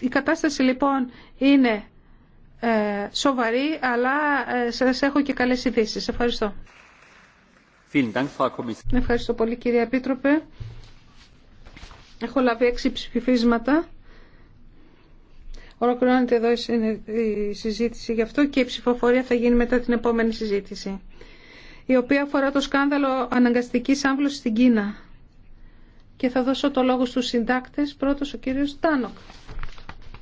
Η κατάσταση λοιπόν είναι ε, σοβαρή, αλλά ε, σας έχω και καλές ειδήσει. Ευχαριστώ. Ευχαριστώ πολύ κύριε Επίτροπε. Έχω λάβει έξι ψηφίσματα. Ολοκληρώνεται εδώ η συζήτηση γι' αυτό και η ψηφοφορία θα γίνει μετά την επόμενη συζήτηση. Η οποία αφορά το σκάνδαλο αναγκαστικής άμβλωσης στην Κίνα. Και θα δώσω το λόγο στους συντάκτες. Πρώτος ο κύριος Τάνοκ.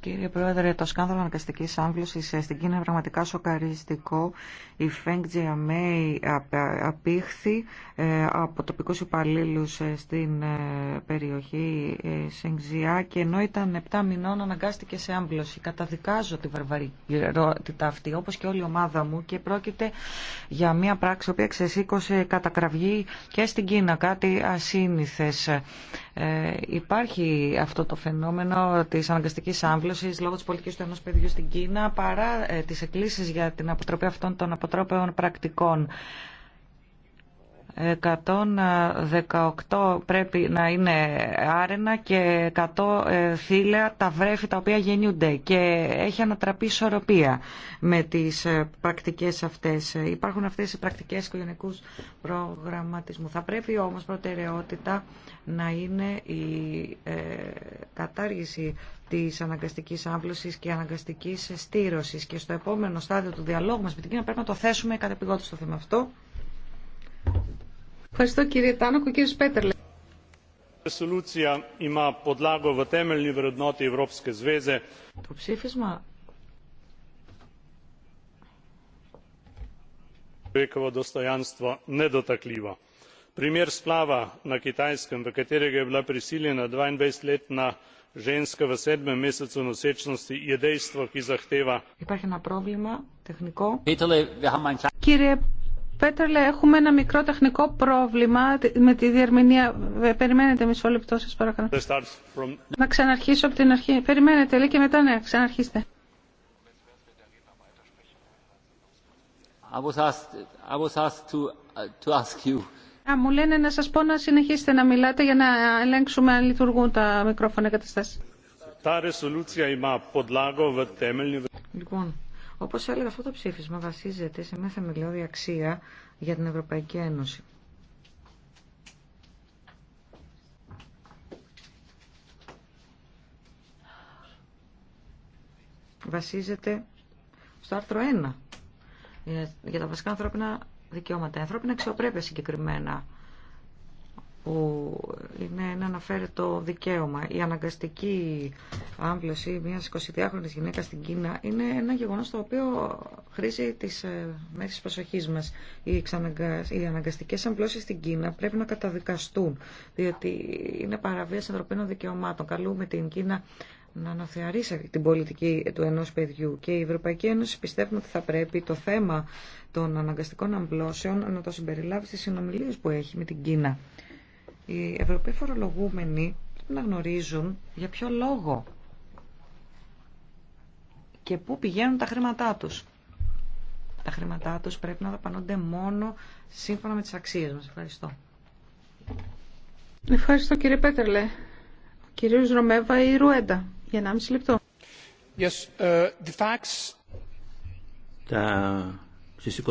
Κύριε Πρόεδρε, το σκάνδαλο αναγκαστική άμβλωση ε, στην Κίνα είναι πραγματικά σοκαριστικό. Η Φέγκ Τζιαμέη απήχθη ε, από τοπικού υπαλλήλου ε, στην περιοχή Σενγκζιά και ενώ ήταν 7 μηνών αναγκάστηκε σε άμβλωση. Καταδικάζω τη βαρβαρικότητα αυτή, όπω και όλη η ομάδα μου, και πρόκειται για μια πράξη που ξεσήκωσε κατακραυγή και στην Κίνα, κάτι ασύνηθε. Υπάρχει αυτό το φαινόμενο τη αναγκαστική άμβλωση λόγω τη πολιτική του ενό παιδιού στην Κίνα παρά ε, τι εκκλήσει για την αποτροπή αυτών των αποτρόπαιων πρακτικών. 118 πρέπει να είναι άρενα και 100 ε, θύλα τα βρέφη τα οποία γεννιούνται και έχει ανατραπεί ισορροπία με τις ε, πρακτικές αυτές. Υπάρχουν αυτές οι πρακτικές οικογενειακού προγραμματισμού. Θα πρέπει όμως προτεραιότητα να είναι η ε, κατάργηση της αναγκαστικής άμβλωσης και αναγκαστικής στήρωσης και στο επόμενο στάδιο του διαλόγου μας με την πρέπει να το θέσουμε κατεπηγόντως στο θέμα αυτό. Ευχαριστώ κύριε Τάνοκο. Κύριος Πέτερλε. Το ψήφισμα človekovo dostojanstvo nedotakljivo. primer splava na kitajskem v katerega je bila prisiljena dvaindvajset letna ženska v sedmem mesecu nosečnosti je dejstvo ki zahteva. Πέτρελε, έχουμε ένα μικρό τεχνικό πρόβλημα με τη διερμηνία. Ε, περιμένετε μισό λεπτό, σας παρακαλώ. Να ξαναρχίσω από την αρχή. Περιμένετε, λέει, και μετά ναι, ξαναρχίστε. μου λένε να σας πω να συνεχίσετε να μιλάτε για να ελέγξουμε αν λειτουργούν τα μικρόφωνα καταστάσεις. Λοιπόν, όπως έλεγα, αυτό το ψήφισμα βασίζεται σε μια θεμελιώδη αξία για την Ευρωπαϊκή Ένωση. Βασίζεται στο άρθρο 1 για τα βασικά ανθρώπινα δικαιώματα. Ανθρώπινα αξιοπρέπεια συγκεκριμένα που είναι ένα αναφέρετο δικαίωμα. Η αναγκαστική άμβλωση μιας 22χρονης γυναίκας στην Κίνα είναι ένα γεγονός το οποίο χρήζει της ε, μέση προσοχής μας. Οι, οι αναγκαστικές αμβλώσεις στην Κίνα πρέπει να καταδικαστούν, διότι είναι παραβίαση ανθρωπίνων δικαιωμάτων. Καλούμε την Κίνα να αναθεαρίσει την πολιτική του ενός παιδιού και η Ευρωπαϊκή Ένωση πιστεύουμε ότι θα πρέπει το θέμα των αναγκαστικών αμπλώσεων να το συμπεριλάβει στις συνομιλίε που έχει με την Κίνα. Οι Ευρωπαίοι φορολογούμενοι πρέπει να γνωρίζουν για ποιο λόγο και πού πηγαίνουν τα χρήματά τους. Τα χρήματά τους πρέπει να δαπανούνται μόνο σύμφωνα με τις αξίες μας. Ευχαριστώ. Ευχαριστώ κύριε Πέτερλε. κύριος Ρωμέβα ή Ρουέντα. Για 1,5 λεπτό. Yes, uh, the facts... Τα... Στις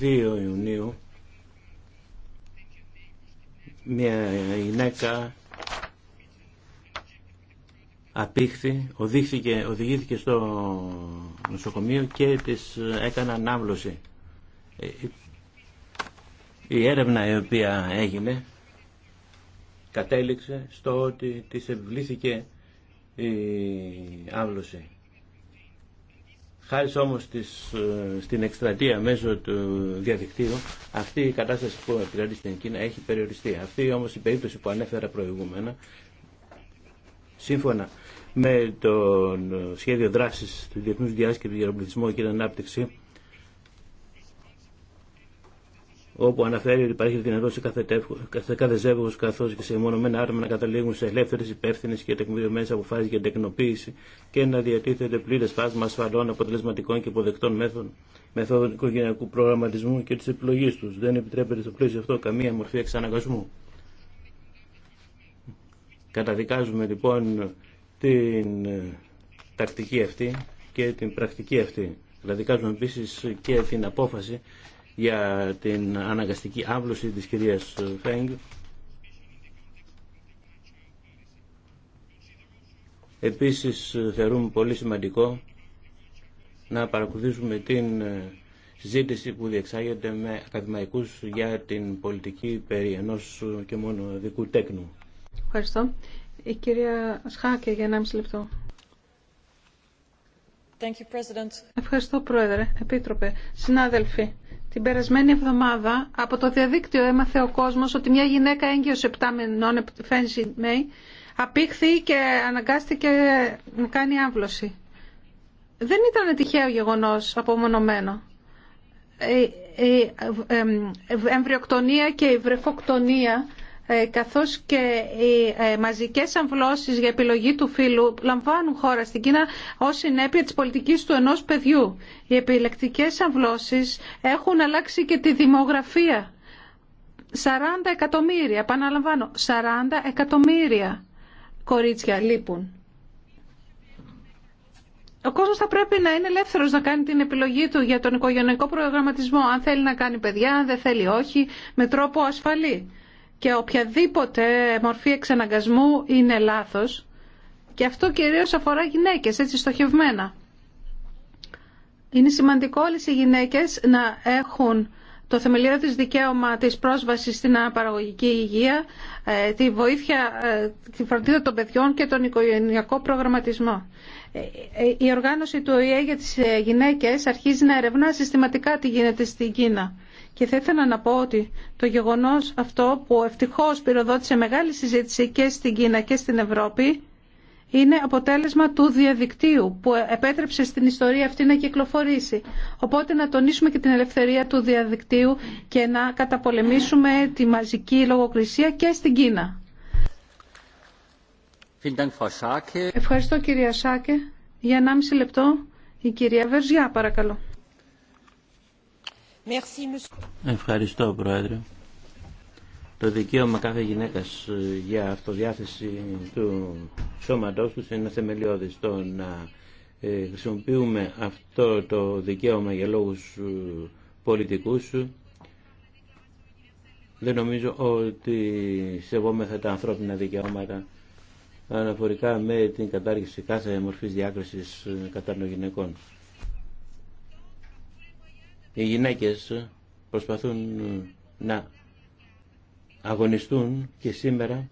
22 Ιουνίου μια γυναίκα απήχθη, οδηγήθηκε, οδηγήθηκε στο νοσοκομείο και της έκαναν ανάβλωση. Ε, η έρευνα η οποία έγινε κατέληξε στο ότι της επιβλήθηκε η άβλωση. Χάρη όμως ε, στην εκστρατεία μέσω του διαδικτύου, αυτή η κατάσταση που επικρατεί στην Κίνα έχει περιοριστεί. Αυτή όμω η περίπτωση που ανέφερα προηγούμενα, σύμφωνα με το ε, σχέδιο δράση του Διεθνού Διάσκεψης για τον Πληθυσμό και την Ανάπτυξη, όπου αναφέρει ότι υπάρχει δυνατότητα σε κάθε ζεύγο καθώ και σε μονομένα άρμα να καταλήγουν σε ελεύθερε, υπεύθυνε και τεκμηριωμένε αποφάσει για τεκνοποίηση και να διατίθεται πλήρε φάσμα ασφαλών, αποτελεσματικών και υποδεκτών μέθων, μεθόδων οικογενειακού προγραμματισμού και τη επιλογή του. Δεν επιτρέπεται στο πλαίσιο αυτό καμία μορφή εξαναγκασμού. Καταδικάζουμε λοιπόν την ε, τακτική αυτή και την πρακτική αυτή. Καταδικάζουμε επίση και την απόφαση για την αναγκαστική άβλωση της κυρίας Φέγγ. Επίσης θεωρούμε πολύ σημαντικό να παρακολουθήσουμε την συζήτηση που διεξάγεται με ακαδημαϊκούς για την πολιτική περί ενός και μόνο δικού τέκνου. Ευχαριστώ. Η κυρία Σχάκε για 1,5 λεπτό. Ευχαριστώ Πρόεδρε, Επίτροπε, συνάδελφοι. Την περασμένη εβδομάδα από το διαδίκτυο έμαθε ο κόσμος ότι μια γυναίκα έγκυος 7 μηνών, Φένζι Μέι, απήχθη και αναγκάστηκε να κάνει άμβλωση. Δεν ήταν τυχαίο γεγονός απομονωμένο. Η εμβριοκτονία και η βρεφοκτονία ε, καθώς και οι ε, μαζικές αμβλώσεις για επιλογή του φύλου λαμβάνουν χώρα στην Κίνα ως συνέπεια της πολιτικής του ενός παιδιού. Οι επιλεκτικές αμβλώσεις έχουν αλλάξει και τη δημογραφία. 40 εκατομμύρια, επαναλαμβάνω, 40 εκατομμύρια κορίτσια λείπουν. Ο κόσμος θα πρέπει να είναι ελεύθερος να κάνει την επιλογή του για τον οικογενειακό προγραμματισμό, αν θέλει να κάνει παιδιά, αν δεν θέλει όχι, με τρόπο ασφαλή και οποιαδήποτε μορφή εξαναγκασμού είναι λάθος και αυτό κυρίως αφορά γυναίκες έτσι στοχευμένα. Είναι σημαντικό όλες οι γυναίκες να έχουν το θεμελιώδη δικαίωμα της πρόσβασης στην αναπαραγωγική υγεία, ε, τη βοήθεια, ε, τη φροντίδα των παιδιών και τον οικογενειακό προγραμματισμό. Ε, η οργάνωση του ΟΗΕ για τις γυναίκες αρχίζει να ερευνά συστηματικά τι γίνεται στην Κίνα. Και θα ήθελα να πω ότι το γεγονός αυτό που ευτυχώς πυροδότησε μεγάλη συζήτηση και στην Κίνα και στην Ευρώπη είναι αποτέλεσμα του διαδικτύου που επέτρεψε στην ιστορία αυτή να κυκλοφορήσει. Οπότε να τονίσουμε και την ελευθερία του διαδικτύου και να καταπολεμήσουμε τη μαζική λογοκρισία και στην Κίνα. Ευχαριστώ κυρία Σάκε. Για 1,5 λεπτό η κυρία Βερζιά παρακαλώ. Ευχαριστώ, Πρόεδρε. Το δικαίωμα κάθε γυναίκας ε, για αυτοδιάθεση του σώματός τους είναι θεμελιώδη Το να ε, χρησιμοποιούμε αυτό το δικαίωμα για λόγους ε, πολιτικούς δεν νομίζω ότι σεβόμεθα τα ανθρώπινα δικαιώματα αναφορικά με την κατάργηση κάθε μορφής διάκρισης κατά των γυναικών οι γυναίκες προσπαθούν να αγωνιστούν και σήμερα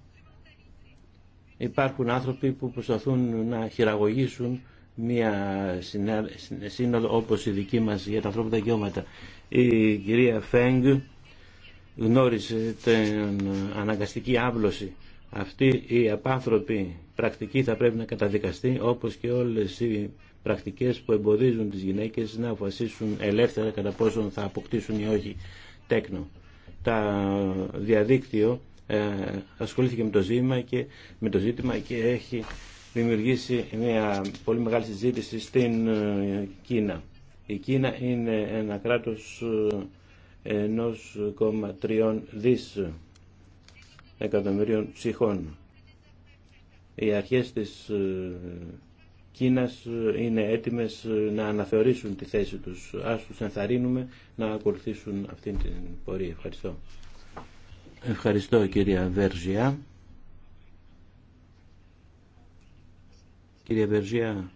υπάρχουν άνθρωποι που προσπαθούν να χειραγωγήσουν μια σύνολο όπως η δική μας για τα ανθρώπινα δικαιώματα. Η κυρία Φέγγ γνώρισε την αναγκαστική άβλωση. Αυτή η απάνθρωπη πρακτική θα πρέπει να καταδικαστεί όπως και όλες οι πρακτικές που εμποδίζουν τις γυναίκες να αποφασίσουν ελεύθερα κατά πόσον θα αποκτήσουν ή όχι τέκνο. Τα διαδίκτυο ε, ασχολήθηκε με το, ζήτημα και, με το ζήτημα και έχει δημιουργήσει μια πολύ μεγάλη συζήτηση στην ε, Κίνα. Η Κίνα είναι ένα κράτος 1,3 ε, δις εκατομμυρίων ψυχών. Οι αρχές της Κίνας ε, είναι έτοιμες ε, να αναθεωρήσουν τη θέση τους. Ας τους ενθαρρύνουμε να ακολουθήσουν αυτήν την πορεία. Ευχαριστώ. Ευχαριστώ κυρία Βέρζια. Κυρία Βερζιά,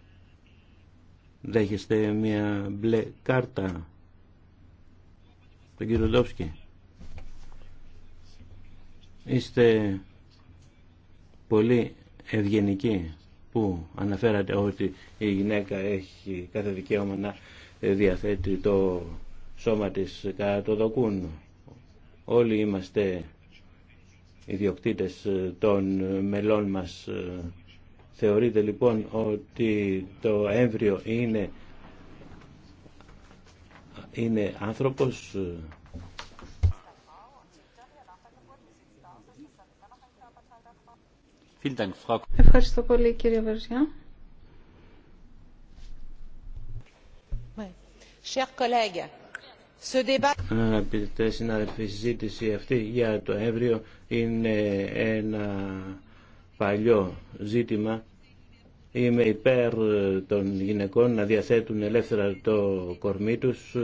δέχεστε μια μπλε κάρτα τον κύριο Είστε πολύ ευγενικοί που αναφέρατε ότι η γυναίκα έχει κάθε δικαίωμα να διαθέτει το σώμα της κατά το δοκούν. Όλοι είμαστε ιδιοκτήτες των μελών μας. Θεωρείτε λοιπόν ότι το έμβριο είναι, είναι άνθρωπος Ευχαριστώ πολύ κύριε Βερζιά. Αγαπητέ συναδελφοί, η συζήτηση αυτή για το έμβριο είναι ένα παλιό ζήτημα. Είμαι υπέρ των γυναικών να διαθέτουν ελεύθερα το κορμί τους,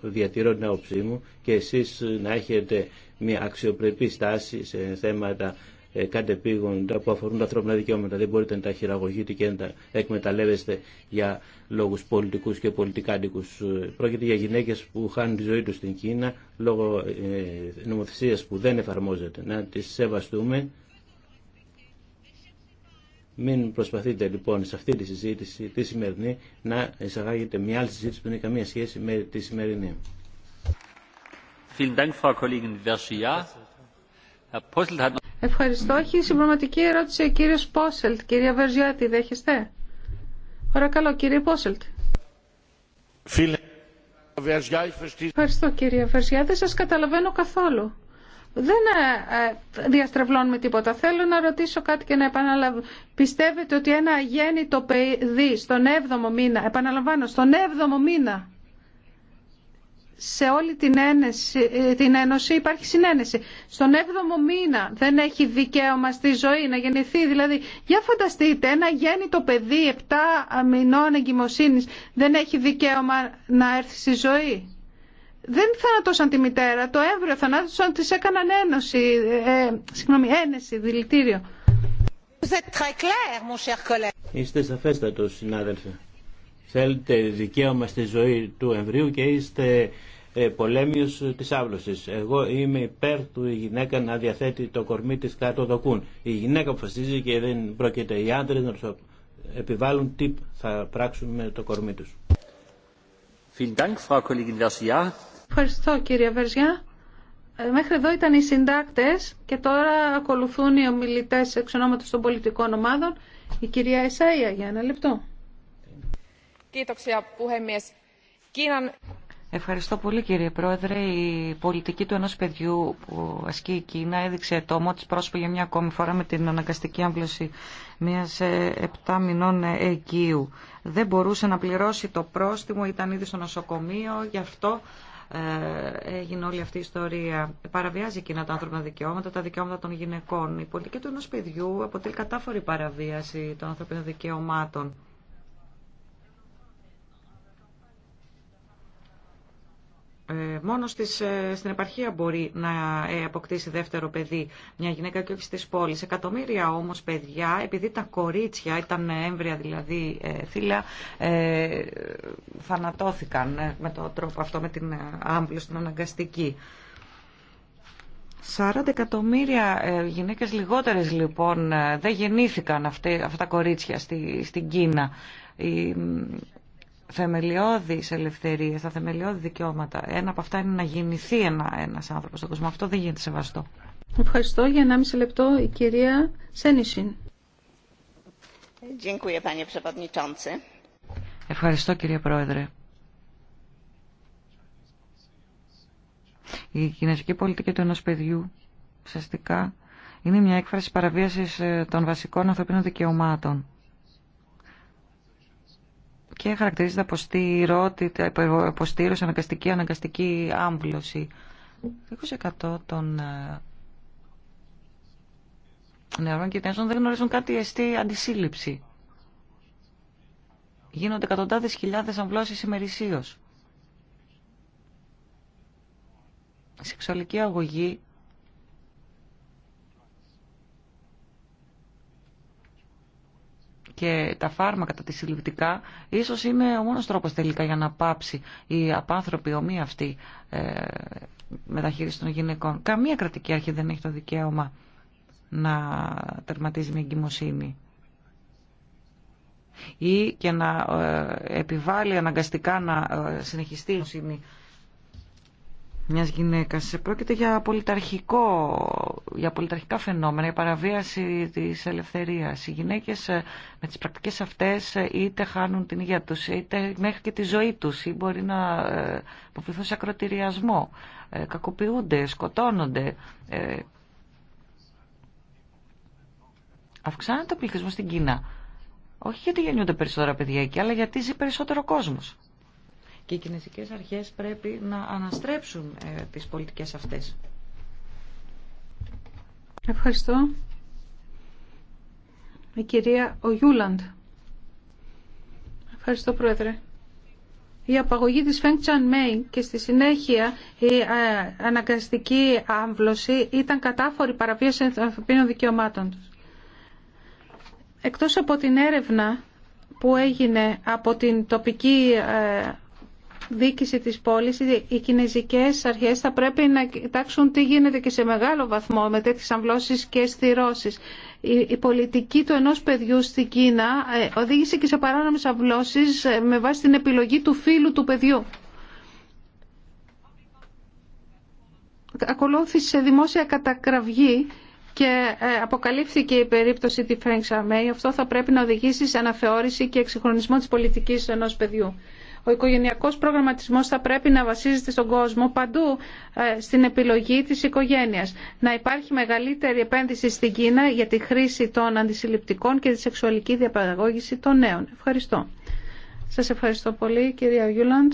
διατηρώ την άποψή μου και εσείς να έχετε μια αξιοπρεπή στάση σε θέματα ε, επίγοντα που αφορούν τα ανθρώπινα δικαιώματα. Δεν μπορείτε να τα χειραγωγείτε και να τα εκμεταλλεύεστε για λόγους πολιτικούς και πολιτικάντικους. Ε, πρόκειται για γυναίκες που χάνουν τη ζωή τους στην Κίνα λόγω ε, νομοθεσίας που δεν εφαρμόζεται. Να τις σεβαστούμε. Μην προσπαθείτε λοιπόν σε αυτή τη συζήτηση, τη σημερινή, να εισαγάγετε μια άλλη συζήτηση που δεν έχει καμία σχέση με τη σημερινή. Vielen Dank, Frau Kollegin Herr hat Ευχαριστώ. Έχει συμπληρωματική ερώτηση ο κύριος Πόσελτ. Κυρία Βερζιάτη, δέχεστε. Παρακαλώ, κύριε Πόσελτ. Φίλε. Ευχαριστώ κύριε Βερζιά. Δεν σας καταλαβαίνω καθόλου. Δεν ε, ε, διαστρεβλώνουμε τίποτα. Θέλω να ρωτήσω κάτι και να επαναλαμβάνω. Πιστεύετε ότι ένα αγέννητο παιδί στον 7ο μήνα, επαναλαμβάνω, στον 7ο μήνα, σε όλη την, ένεση, ε, Ένωση υπάρχει συνένεση. Στον 7ο μήνα δεν έχει δικαίωμα στη ζωή να γεννηθεί. Δηλαδή, για φανταστείτε, ένα γέννητο παιδί 7 εγκυμοσύνης δεν έχει δικαίωμα να έρθει στη ζωή. Δεν θανατώσαν τη μητέρα, το έμβριο θανάτωσαν, τη έκαναν ένωση, ε, συγγνώμη, ένεση, δηλητήριο. Είστε σαφέστατος, συνάδελφε θέλετε δικαίωμα στη ζωή του εμβρίου και είστε ε, πολέμιος της άβλωσης. Εγώ είμαι υπέρ του η γυναίκα να διαθέτει το κορμί της κάτω δοκούν. Η γυναίκα αποφασίζει και δεν πρόκειται οι άντρες να τους επιβάλλουν τι θα πράξουν με το κορμί τους. Ευχαριστώ κύριε Βερζιά. Ε, μέχρι εδώ ήταν οι συντάκτες και τώρα ακολουθούν οι ομιλητές εξ ονόματος των πολιτικών ομάδων. Η κυρία Εσάια για ένα λεπτό. Ευχαριστώ πολύ κύριε Πρόεδρε. Η πολιτική του ενός παιδιού που ασκεί η Κίνα έδειξε το της πρόσωπο για μια ακόμη φορά με την αναγκαστική άμβλωση μιας 7 ε, μηνών εγγύου. Δεν μπορούσε να πληρώσει το πρόστιμο, ήταν ήδη στο νοσοκομείο, γι' αυτό ε, έγινε όλη αυτή η ιστορία. Παραβιάζει η Κίνα τα άνθρωπα δικαιώματα, τα δικαιώματα των γυναικών. Η πολιτική του ενός παιδιού αποτελεί κατάφορη παραβίαση των ανθρωπίνων δικαιωμάτων. Ε, μόνο ε, στην επαρχία μπορεί να ε, αποκτήσει δεύτερο παιδί μια γυναίκα και όχι στις πόλεις. Εκατομμύρια όμως παιδιά, επειδή τα κορίτσια ήταν έμβρια δηλαδή θύλα, ε, θανατώθηκαν με τον τρόπο αυτό, με την άμπλωση, την αναγκαστική. 40 εκατομμύρια γυναίκες λιγότερες λοιπόν δεν γεννήθηκαν αυτά τα κορίτσια στη, στην Κίνα θεμελιώδεις ελευθερίες, τα θεμελιώδη δικαιώματα. Ένα από αυτά είναι να γεννηθεί ένα, ένας άνθρωπος στον κόσμο. Αυτό δεν γίνεται σεβαστό. Ευχαριστώ. Για 1,5 λεπτό η κυρία Σένισιν. Ευχαριστώ κύριε Πρόεδρε. Η κοινωνική πολιτική του ενός παιδιού ουσιαστικά είναι μια έκφραση παραβίασης ε, των βασικών ανθρωπίνων δικαιωμάτων και χαρακτηρίζεται από στήρωτητα, από στήρωση, αναγκαστική, αναγκαστική άμβλωση. 20% των ε, νεαρών και δεν γνωρίζουν κάτι εστί αντισύλληψη. Γίνονται εκατοντάδες χιλιάδες αμβλώσεις ημερησίως. Η σεξουαλική αγωγή και τα φάρμακα, τα συλληπτικά ίσως είναι ο μόνος τρόπος τελικά για να πάψει η απάνθρωπη ομοία αυτή ε, μεταχείριση των γυναικών. Καμία κρατική αρχή δεν έχει το δικαίωμα να τερματίζει μια εγκυμοσύνη ή και να ε, επιβάλλει αναγκαστικά να ε, συνεχιστεί η εγκυμοσύνη μιας γυναίκας. Πρόκειται για, πολιταρχικό, για πολιταρχικά φαινόμενα, για παραβίαση της ελευθερίας. Οι γυναίκες ε, με τις πρακτικές αυτές ε, είτε χάνουν την υγεία τους, είτε μέχρι και τη ζωή τους, ή μπορεί να ε, αποφυθούν σε ακροτηριασμό, κακοποιούνται, σκοτώνονται. Αυξάνεται ο πληθυσμό στην Κίνα. Όχι γιατί γεννιούνται περισσότερα παιδιά εκεί, αλλά γιατί ζει περισσότερο κόσμος και οι κινέζικες αρχές πρέπει να αναστρέψουν ε, τις πολιτικές αυτές. Ευχαριστώ. Η κυρία Ογιούλαντ. Ευχαριστώ, Πρόεδρε. Η απαγωγή της Φέγγ Τσαν και στη συνέχεια η ε, αναγκαστική άμβλωση ήταν κατάφορη παραβίαση ανθρωπίνων δικαιωμάτων τους. Εκτός από την έρευνα που έγινε από την τοπική ε, Δίκηση της πόλης, οι κινέζικες αρχές θα πρέπει να κοιτάξουν τι γίνεται και σε μεγάλο βαθμό με τέτοιες αμβλώσεις και στηρώσεις. Η, πολιτική του ενός παιδιού στην Κίνα ε, οδήγησε και σε παράνομες αμβλώσεις ε, με βάση την επιλογή του φίλου του παιδιού. Ακολούθησε δημόσια κατακραυγή και ε, αποκαλύφθηκε η περίπτωση τη Φρέγκ Αυτό θα πρέπει να οδηγήσει σε αναθεώρηση και εξυγχρονισμό της πολιτικής ενός παιδιού. Ο οικογενειακό προγραμματισμό θα πρέπει να βασίζεται στον κόσμο παντού ε, στην επιλογή τη οικογένεια. Να υπάρχει μεγαλύτερη επένδυση στην Κίνα για τη χρήση των αντισυλληπτικών και τη σεξουαλική διαπαραγώγηση των νέων. Ευχαριστώ. Σα ευχαριστώ πολύ κυρία Γιούλαντ.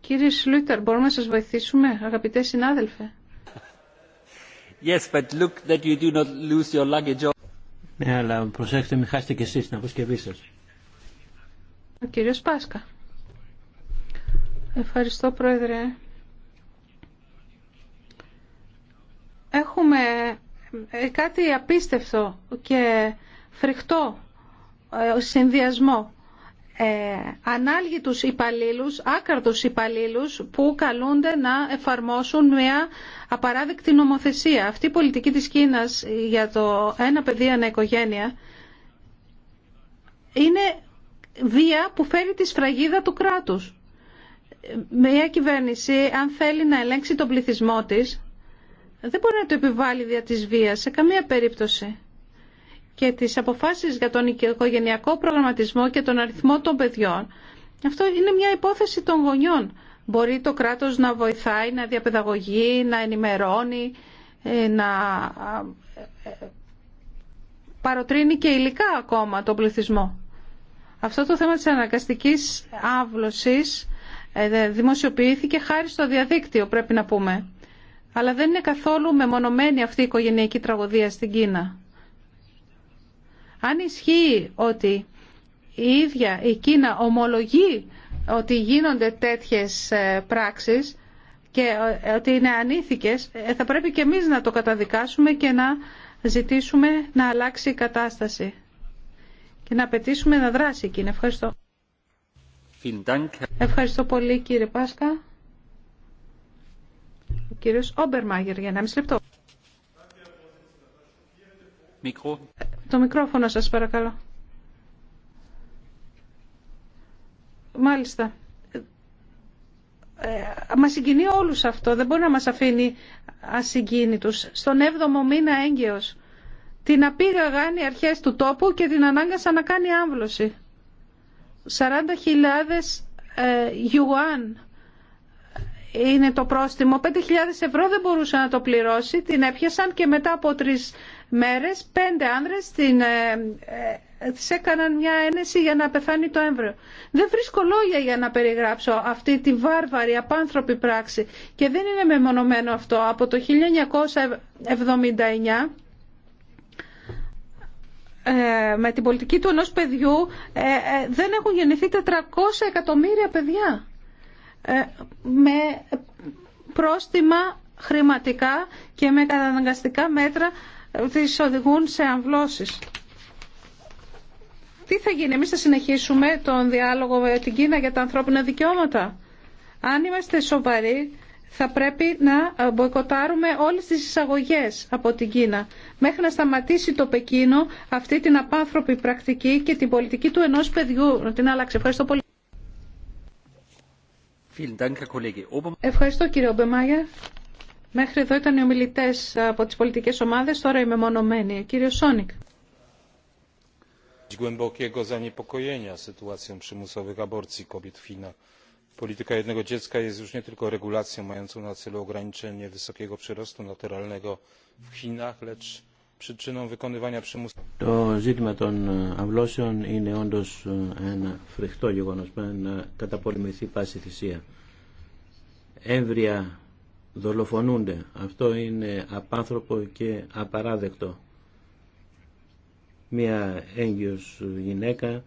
Κύριε Σλούτερ, μπορούμε να σα βοηθήσουμε, αγαπητέ συνάδελφε. Yes, but look that you do not lose your luggage. Ναι, αλλά προσέξτε, μην χάσετε και εσεί την αποσκευή σα κύριος Πάσκα. Ευχαριστώ, Πρόεδρε. Έχουμε ε, κάτι απίστευτο και φρικτό ε, συνδυασμό ε, ανάλγητους υπαλλήλους, άκαρτους υπαλλήλους που καλούνται να εφαρμόσουν μια απαράδεκτη νομοθεσία. Αυτή η πολιτική της Κίνας για το ένα παιδί ένα οικογένεια είναι Δία που φέρει τη σφραγίδα του κράτους. Μια κυβέρνηση, αν θέλει να ελέγξει τον πληθυσμό της, δεν μπορεί να το επιβάλλει δια της βίας σε καμία περίπτωση. Και τις αποφάσεις για τον οικογενειακό προγραμματισμό και τον αριθμό των παιδιών, αυτό είναι μια υπόθεση των γονιών. Μπορεί το κράτος να βοηθάει, να διαπαιδαγωγεί, να ενημερώνει, ε, να ε, ε, παροτρύνει και υλικά ακόμα τον πληθυσμό. Αυτό το θέμα της αναγκαστικής άβλωσης ε, δημοσιοποιήθηκε χάρη στο διαδίκτυο, πρέπει να πούμε. Αλλά δεν είναι καθόλου μεμονωμένη αυτή η οικογενειακή τραγωδία στην Κίνα. Αν ισχύει ότι η ίδια η Κίνα ομολογεί ότι γίνονται τέτοιες ε, πράξεις και ε, ότι είναι ανήθικες, θα πρέπει και εμείς να το καταδικάσουμε και να ζητήσουμε να αλλάξει η κατάσταση και να απαιτήσουμε να δράσει εκείνη. Ευχαριστώ. Ευχαριστώ πολύ κύριε Πάσκα. Ο κύριος Όμπερμαγερ για ένα μισή λεπτό. Μικρό. Το μικρόφωνο σας παρακαλώ. Μάλιστα. Ε, μας συγκινεί όλους αυτό. Δεν μπορεί να μας αφήνει ασυγκίνητους. Στον 7ο μήνα έγκαιος την απήγαγαν οι αρχές του τόπου και την ανάγκασαν να κάνει άμβλωση. 40.000 ε, γιουάν είναι το πρόστιμο. 5.000 ευρώ δεν μπορούσε να το πληρώσει. Την έπιασαν και μετά από τρεις μέρες πέντε άνδρες την, ε, ε, της έκαναν μια ένεση για να πεθάνει το έμβριο. Δεν βρίσκω λόγια για να περιγράψω αυτή τη βάρβαρη, απάνθρωπη πράξη. Και δεν είναι μεμονωμένο αυτό. Από το 1979 ε, με την πολιτική του ενός παιδιού ε, ε, δεν έχουν γεννηθεί 400 εκατομμύρια παιδιά με πρόστιμα χρηματικά και με καταναγκαστικά μέτρα τις οδηγούν σε αμβλώσεις. Τι θα γίνει, εμείς θα συνεχίσουμε τον διάλογο με την Κίνα για τα ανθρώπινα δικαιώματα. Αν είμαστε σοβαροί θα πρέπει να ε, μποϊκοτάρουμε όλες τις εισαγωγές από την Κίνα μέχρι να σταματήσει το Πεκίνο αυτή την απάνθρωπη πρακτική και την πολιτική του ενός παιδιού. Να την άλλαξε. Ευχαριστώ πολύ. Ευχαριστώ κύριε Ομπεμάγια. Μέχρι εδώ ήταν οι ομιλητές από τις πολιτικές ομάδες, τώρα είμαι μονομένη. Κύριο Σόνικ. Το ζήτημα των ε, αυλώσεων είναι όντω ε, ένα φρικτό γεγονό. Πρέπει να καταπολεμηθεί πάση θυσία. Έμβρια δολοφονούνται. Αυτό είναι απάνθρωπο και απαράδεκτο. Μία έγκυος γυναίκα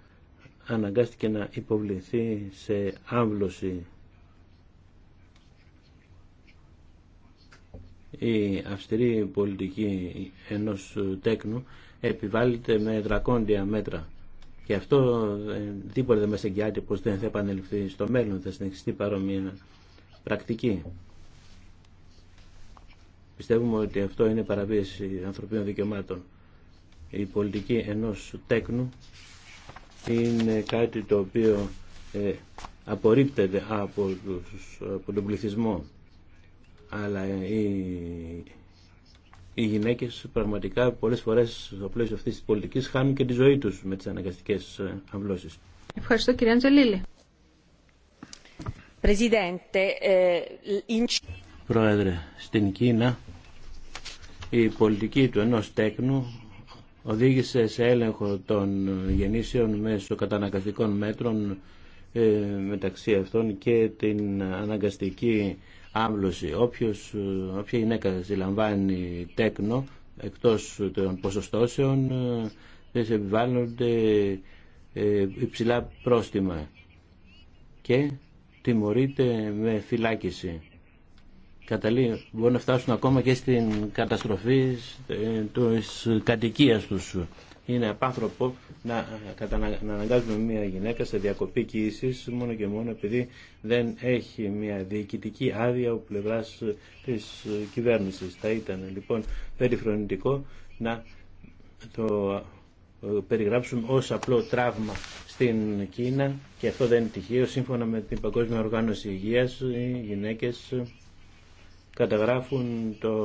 αναγκάστηκε να υποβληθεί σε άμβλωση η αυστηρή πολιτική ενός τέκνου επιβάλλεται με δρακόντια μέτρα. Και αυτό ε, τίποτα δεν μας εγγυάται πως δεν θα επανελειφθεί στο μέλλον, θα συνεχιστεί παρόμοια πρακτική. Πιστεύουμε ότι αυτό είναι παραβίαση ανθρωπίνων δικαιωμάτων. Η πολιτική ενός τέκνου είναι κάτι το οποίο ε, απορρίπτεται από, τον πληθυσμό αλλά οι, οι γυναίκες πραγματικά πολλές φορές στο πλαίσιο αυτής της πολιτικής χάνουν και τη ζωή τους με τις αναγκαστικές ε, αμβλώσεις. Ευχαριστώ κυρία Αντζελίλη. Ε, Πρόεδρε, στην Κίνα η πολιτική του ενός τέκνου οδήγησε σε έλεγχο των γεννήσεων μέσω καταναγκαστικών μέτρων ε, μεταξύ αυτών και την αναγκαστική άμβλωση. Όποιος, ε, όποια γυναίκα συλλαμβάνει τέκνο εκτός των ποσοστώσεων ε, δεν σε επιβάλλονται υψηλά πρόστιμα και τιμωρείται με φυλάκιση καταλή, μπορεί να φτάσουν ακόμα και στην καταστροφή ε, της κατοικίας τους. Είναι απάνθρωπο να, να αναγκάζουμε μια γυναίκα σε διακοπή κοίησης μόνο και μόνο επειδή δεν έχει μια διοικητική άδεια ο πλευρά της κυβέρνησης. Θα ήταν λοιπόν περιφρονητικό να το ε, περιγράψουμε ως απλό τραύμα στην Κίνα και αυτό δεν είναι τυχαίο σύμφωνα με την Παγκόσμια Οργάνωση Υγείας οι γυναίκες καταγράφουν το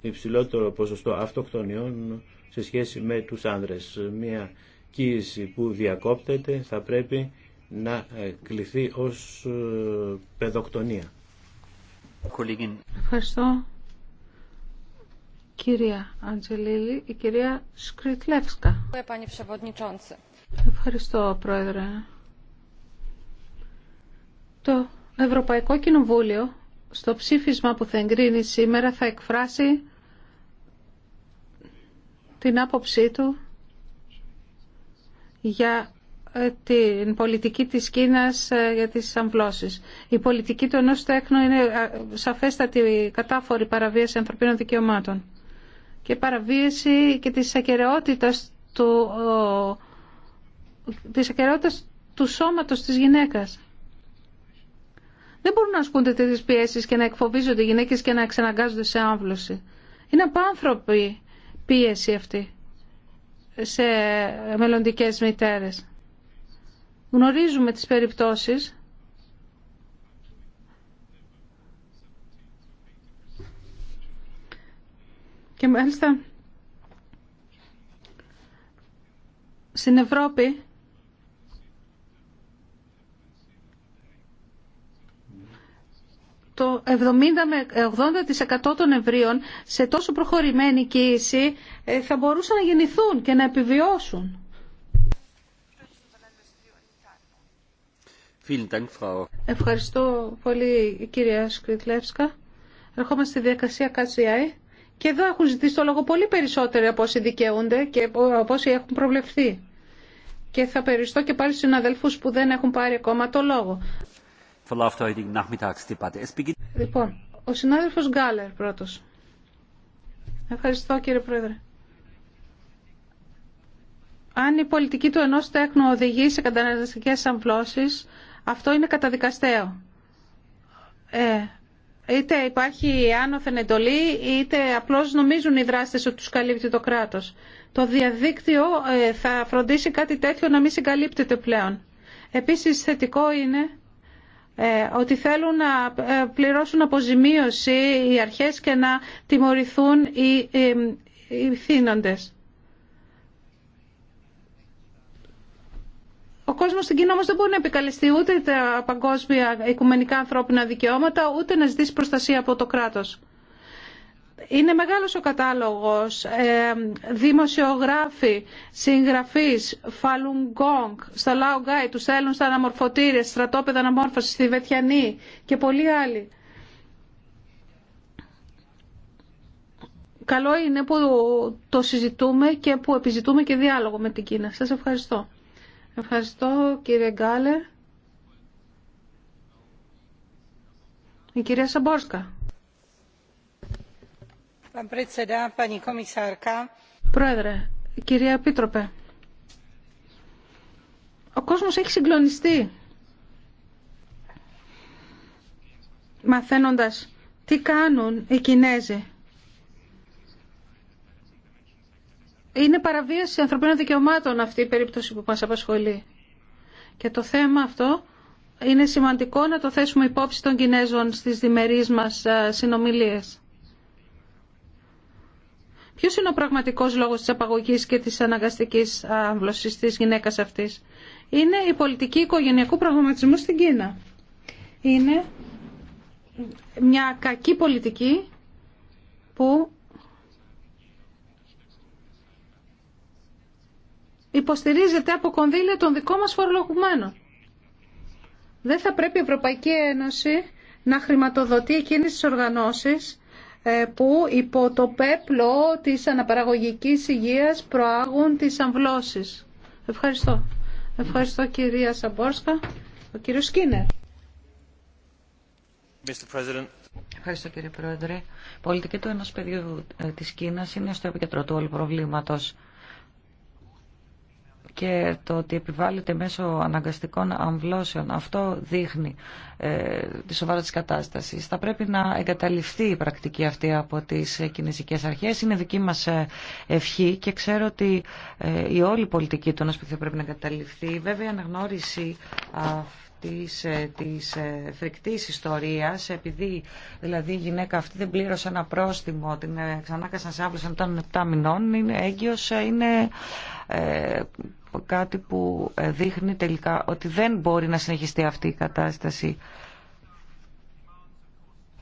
υψηλότερο ποσοστό αυτοκτονιών σε σχέση με τους άνδρες. Μια κοίηση που διακόπτεται θα πρέπει να ε, κληθεί ως ε, παιδοκτονία. Ευχαριστώ. Κυρία Αντζελίλη, η κυρία Σκριτλεύσκα. Ευχαριστώ, Πρόεδρε. Το Ευρωπαϊκό Κοινοβούλιο στο ψήφισμα που θα εγκρίνει σήμερα θα εκφράσει την άποψή του για ε, την πολιτική της Κίνας ε, για τις αμβλώσεις. Η πολιτική του ενός τέχνου είναι ε, σαφέστατη κατάφορη παραβίαση ανθρωπίνων δικαιωμάτων και παραβίαση και της ακεραιότητας του, της ακαιρεότητας του σώματος της γυναίκας. Δεν μπορούν να ασκούνται τέτοιε πιέσει και να εκφοβίζονται οι γυναίκε και να ξαναγκάζονται σε άμβλωση. Είναι απάνθρωπη πίεση αυτή σε μελλοντικέ μητέρε. Γνωρίζουμε τις περιπτώσεις και μάλιστα στην Ευρώπη το 70 με 80% των ευρείων σε τόσο προχωρημένη κοίηση ε, θα μπορούσαν να γεννηθούν και να επιβιώσουν. Ευχαριστώ πολύ κυρία Σκριτλεύσκα. Ερχόμαστε στη διακασία ΚΑΤΣΙΑΗ και εδώ έχουν ζητήσει το λόγο πολύ περισσότεροι από όσοι δικαιούνται και από όσοι έχουν προβλεφθεί. Και θα περιστώ και πάλι στους συναδελφούς που δεν έχουν πάρει ακόμα το λόγο. Λοιπόν, ο συνάδελφος Γκάλερ πρώτος. Ευχαριστώ κύριε Πρόεδρε. Αν η πολιτική του ενός τέχνου οδηγεί σε καταναλωτικέ αμπλώσει, αυτό είναι καταδικαστέο. Ε, είτε υπάρχει άνωθεν εντολή, είτε απλώς νομίζουν οι δράστες ότι του καλύπτει το κράτος. Το διαδίκτυο ε, θα φροντίσει κάτι τέτοιο να μην συγκαλύπτεται πλέον. Επίσης θετικό είναι ε, ότι θέλουν να ε, πληρώσουν αποζημίωση οι αρχές και να τιμωρηθούν οι, ε, οι θύνοντες. Ο κόσμος στην Κίνα όμως δεν μπορεί να επικαλεστεί ούτε τα παγκόσμια οικουμενικά ανθρώπινα δικαιώματα, ούτε να ζητήσει προστασία από το κράτος είναι μεγάλος ο κατάλογος. Ε, δημοσιογράφοι, συγγραφείς, Falun στα Lao Gai, τους στέλνουν στα αναμορφωτήρια, στρατόπεδα αναμόρφωσης στη Βετιανή και πολλοί άλλοι. Καλό είναι που το συζητούμε και που επιζητούμε και διάλογο με την Κίνα. Σας ευχαριστώ. Ευχαριστώ κύριε Γκάλε. Η κυρία Σαμπόρσκα. Πρόεδρε, κυρία Επίτροπε, ο κόσμος έχει συγκλονιστεί μαθαίνοντας τι κάνουν οι Κινέζοι. Είναι παραβίαση ανθρωπίνων δικαιωμάτων αυτή η περίπτωση που μας απασχολεί. Και το θέμα αυτό είναι σημαντικό να το θέσουμε υπόψη των Κινέζων στις διμερείς μας ε, συνομιλίες. Ποιο είναι ο πραγματικό λόγο τη απαγωγή και τη αναγκαστική άμβλωση τη γυναίκα αυτή, Είναι η πολιτική οικογενειακού πραγματισμού στην Κίνα. Είναι μια κακή πολιτική που υποστηρίζεται από κονδύλια των δικών μας φορολογουμένων. Δεν θα πρέπει η Ευρωπαϊκή Ένωση να χρηματοδοτεί εκείνες τις οργανώσεις ε, που υπό το πέπλο της αναπαραγωγικής υγείας προάγουν τις αμβλώσεις. Ευχαριστώ. Ευχαριστώ κυρία Σαμπόρσκα. Ο κύριος Σκίνερ. Ευχαριστώ κύριε Πρόεδρε. Η πολιτική του ενός παιδιού ε, της Κίνας είναι στο επικεντρό του όλου προβλήματος και το ότι επιβάλλεται μέσω αναγκαστικών αμβλώσεων. Αυτό δείχνει ε, τη σοβαρότητα της κατάστασης. Θα πρέπει να εγκαταλειφθεί η πρακτική αυτή από τις κινέζικες αρχές. Είναι δική μας ε, ευχή και ξέρω ότι ε, η όλη πολιτική των ασπιθών πρέπει να εγκαταλειφθεί. Βέβαια η αναγνώριση αυτή αυτής της ε, ε, φρικτής ιστορίας επειδή δηλαδή η γυναίκα αυτή δεν πλήρωσε ένα πρόστιμο την ε, ξανάκασαν σε μετά των 7 μηνών είναι έγκυος είναι κάτι που δείχνει τελικά ότι δεν μπορεί να συνεχιστεί αυτή η κατάσταση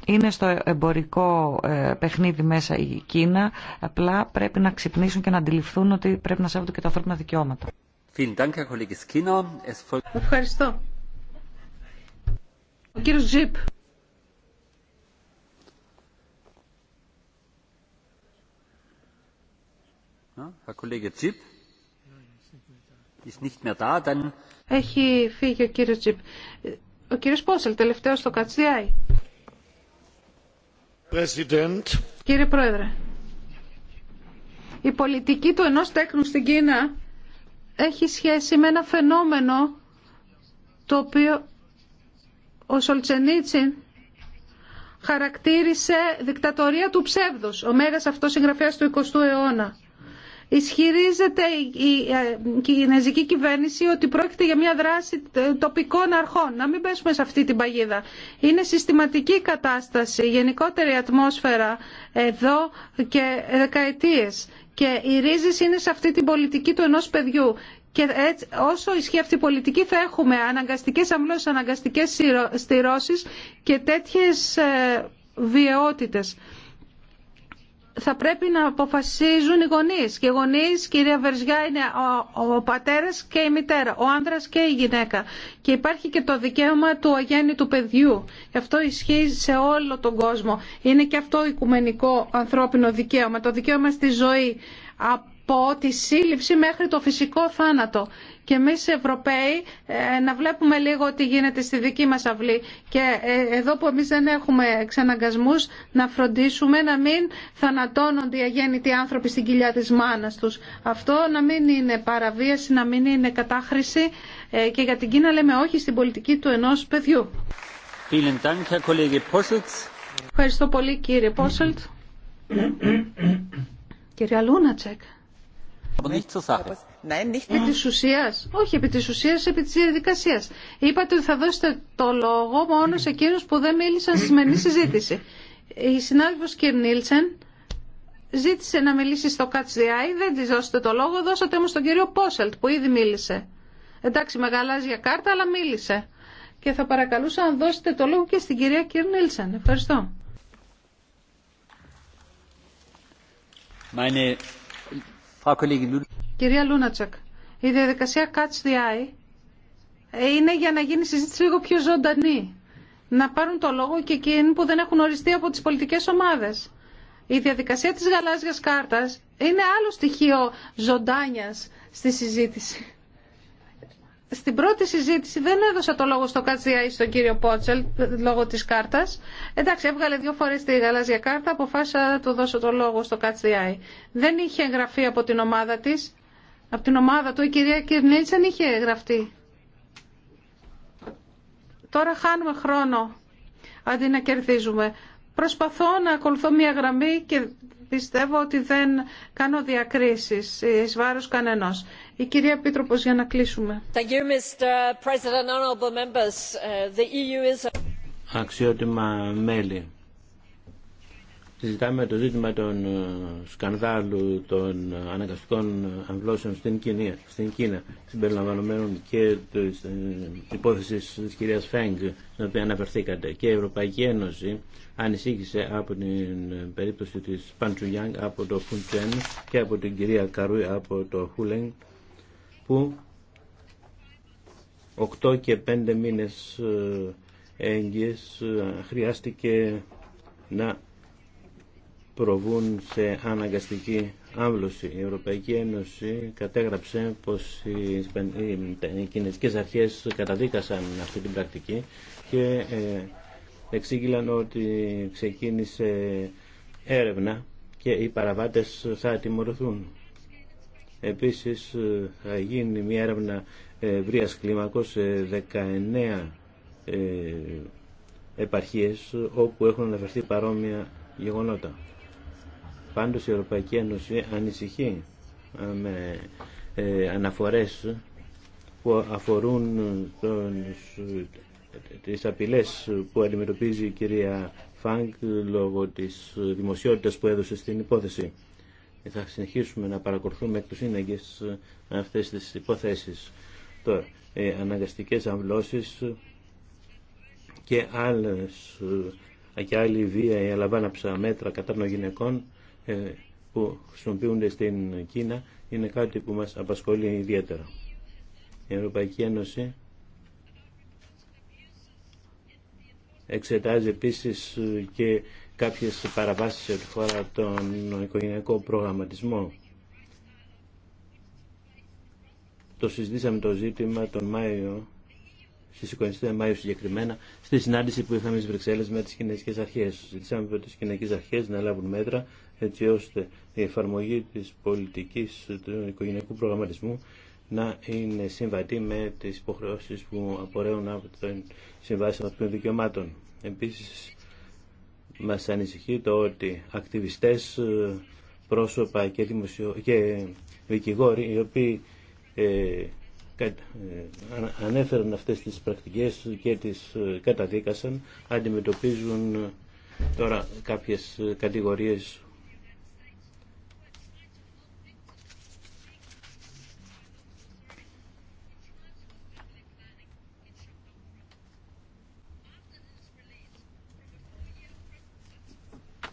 είναι στο εμπορικό παιχνίδι μέσα η Κίνα. Απλά πρέπει να ξυπνήσουν και να αντιληφθούν ότι πρέπει να σέβονται και τα ανθρώπινα δικαιώματα. Ευχαριστώ. Ο κύριος Τζιπ. Έχει φύγει ο κύριος Τζιπ. Ο κύριος Πόσελ, τελευταίος στο Κατσιάι. Κύριε Πρόεδρε, η πολιτική του ενός τέκνου στην Κίνα έχει σχέση με ένα φαινόμενο το οποίο ο Σολτσενίτσιν χαρακτήρισε δικτατορία του ψεύδους, ο μέγας αυτός συγγραφέας του 20ου αιώνα. Ισχυρίζεται η κινέζικη κυβέρνηση ότι πρόκειται για μια δράση τοπικών αρχών. Να μην πέσουμε σε αυτή την παγίδα. Είναι συστηματική κατάσταση, γενικότερη ατμόσφαιρα εδώ και δεκαετίες. Και οι ρίζες είναι σε αυτή την πολιτική του ενός παιδιού. Και όσο ισχύει αυτή η πολιτική θα έχουμε αναγκαστικές αμβλώσεις, αναγκαστικές στηρώσεις και τέτοιες ε, βιαιότητες. Θα πρέπει να αποφασίζουν οι γονείς. Και οι γονείς, κυρία Βερζιά, είναι ο, ο πατέρας και η μητέρα, ο άνδρας και η γυναίκα. Και υπάρχει και το δικαίωμα του αγέννητου παιδιού. Και αυτό ισχύει σε όλο τον κόσμο. Είναι και αυτό οικουμενικό ανθρώπινο δικαίωμα, το δικαίωμα στη ζωή από τη σύλληψη μέχρι το φυσικό θάνατο. Και εμείς Ευρωπαίοι ε, να βλέπουμε λίγο τι γίνεται στη δική μας αυλή. Και ε, εδώ που εμείς δεν έχουμε εξαναγκασμούς να φροντίσουμε να μην θανατώνονται οι αγέννητοι άνθρωποι στην κοιλιά της μάνας τους. Αυτό να μην είναι παραβίαση, να μην είναι κατάχρηση ε, και για την Κίνα λέμε όχι στην πολιτική του ενός παιδιού. Ευχαριστώ πολύ κύριε Πόσελτ. Κυρία Λούνατσεκ. Nein, nicht ναι. ναι, επί της ουσίας. Όχι, επί της ουσίας, επί της διαδικασίας. Είπατε ότι θα δώσετε το λόγο μόνο σε εκείνους που δεν μίλησαν στη σημερινή συζήτηση. Η συνάδελφος κ. Νίλσεν ζήτησε να μιλήσει στο Catch the Eye, δεν της δώσετε το λόγο, δώσατε όμως τον κύριο Πόσελτ που ήδη μίλησε. Εντάξει, μεγαλάζια κάρτα, αλλά μίλησε. Και θα παρακαλούσα να δώσετε το λόγο και στην κυρία κύριε Νίλσεν. Ευχαριστώ. Meine Κυρία Λούνατσακ, η διαδικασία Catch the Eye είναι για να γίνει συζήτηση λίγο πιο ζωντανή. Να πάρουν το λόγο και εκείνοι που δεν έχουν οριστεί από τις πολιτικές ομάδες. Η διαδικασία της γαλάζιας κάρτας είναι άλλο στοιχείο ζωντάνιας στη συζήτηση στην πρώτη συζήτηση δεν έδωσα το λόγο στο ή στον κύριο Πότσελ λόγω της κάρτας. Εντάξει, έβγαλε δύο φορές τη γαλάζια κάρτα, αποφάσισα να του δώσω το λόγο στο Κατζιά. Δεν είχε εγγραφεί από την ομάδα της. Από την ομάδα του η κυρία Κιρνίτσαν δεν είχε εγγραφεί. Τώρα χάνουμε χρόνο αντί να κερδίζουμε. Προσπαθώ να ακολουθώ μια γραμμή και πιστεύω ότι δεν κάνω διακρίσεις εις βάρος κανενός. Η κυρία Πίτροπος για να κλείσουμε. Αξιότιμα μέλη συζητάμε το ζήτημα των ε, σκανδάλου των ε, αναγκαστικών ε, αμβλώσεων στην Κίνα, στην Κίνα συμπεριλαμβανομένων και της υπόθεσης της κυρίας Φέγγ στην οποία αναφερθήκατε και η Ευρωπαϊκή Ένωση ανησύχησε από την περίπτωση της Παντζουγιάνγκ από το Φουντσέν και από την κυρία Καρούι από το Χουλέν, που 8 και 5 μήνες έγκυες χρειάστηκε να προβούν σε αναγκαστική άμβλωση. Η Ευρωπαϊκή Ένωση κατέγραψε πως οι κινητικές αρχές καταδίκασαν αυτή την πρακτική και ε, εξήγηλαν ότι ξεκίνησε έρευνα και οι παραβάτες θα τιμωρηθούν. Επίσης θα γίνει μια έρευνα βρίας κλίμακος σε 19 ε, επαρχίες όπου έχουν αναφερθεί παρόμοια γεγονότα. Πάντως η Ευρωπαϊκή Ένωση ανησυχεί ε, με ε, αναφορές που αφορούν τις απειλές που αντιμετωπίζει η κυρία Φάγκ λόγω της δημοσιότητας που έδωσε στην υπόθεση. Θα συνεχίσουμε να παρακολουθούμε εκ του σύνεγγες αυτές τις υποθέσεις. Τώρα, ε, αναγκαστικές αμβλώσεις και, άλλες, ε, και άλλη βία ή αλαβάναψα μέτρα κατά των γυναικών ε, που χρησιμοποιούνται στην Κίνα είναι κάτι που μας απασχολεί ιδιαίτερα. Η Ευρωπαϊκή Ένωση εξετάζει επίσης και κάποιες παραβάσεις σε φορά τον οικογενειακό προγραμματισμό. Το συζητήσαμε το ζήτημα τον Μάιο, στι 23 Μάιο συγκεκριμένα, στη συνάντηση που είχαμε στι Βρυξέλλε με τι κοινωνικέ αρχέ. Ζήτησαμε από τι Κινέζικε αρχέ να λάβουν μέτρα έτσι ώστε η εφαρμογή της πολιτικής του οικογενειακού προγραμματισμού να είναι συμβατή με τις υποχρεώσεις που απορρέουν από τον συμβάση των δικαιωμάτων. Επίσης, μας ανησυχεί το ότι ακτιβιστές, ε, πρόσωπα και, δημοσιο... και δικηγόροι οι οποίοι ε, ε, ανέφεραν αυτές τις πρακτικές και τις καταδίκασαν αντιμετωπίζουν τώρα κάποιες κατηγορίες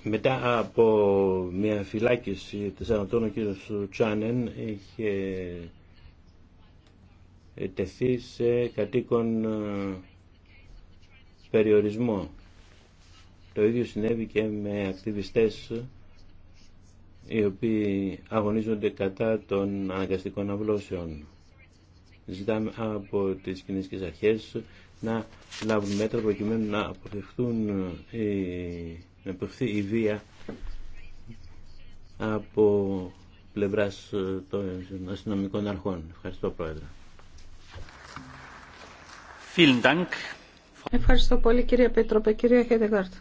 Μετά από μια φυλάκιση της ετών ο κύριος Τσάνεν είχε τεθεί σε κατοίκον ε, περιορισμό. Το ίδιο συνέβη και με ακτιβιστές οι οποίοι αγωνίζονται κατά των αναγκαστικών αυλώσεων. Ζητάμε από τις κοινωνικές αρχές να λάβουν μέτρα προκειμένου να αποφευχθούν ε, οι να υπερθεί η βία από πλευράς ε, των αστυνομικών αρχών. Ευχαριστώ Πρόεδρε. Ευχαριστώ πολύ κύριε πίτροπε, κύριε Χέντεγκάρτ.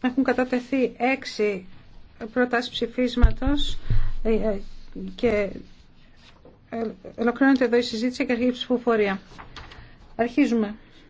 Έχουν κατατεθεί έξι προτάσεις ψηφίσματος ε, ε, και ολοκληρώνεται εδώ η συζήτηση και αρχή η ψηφοφορία. Αρχίζουμε.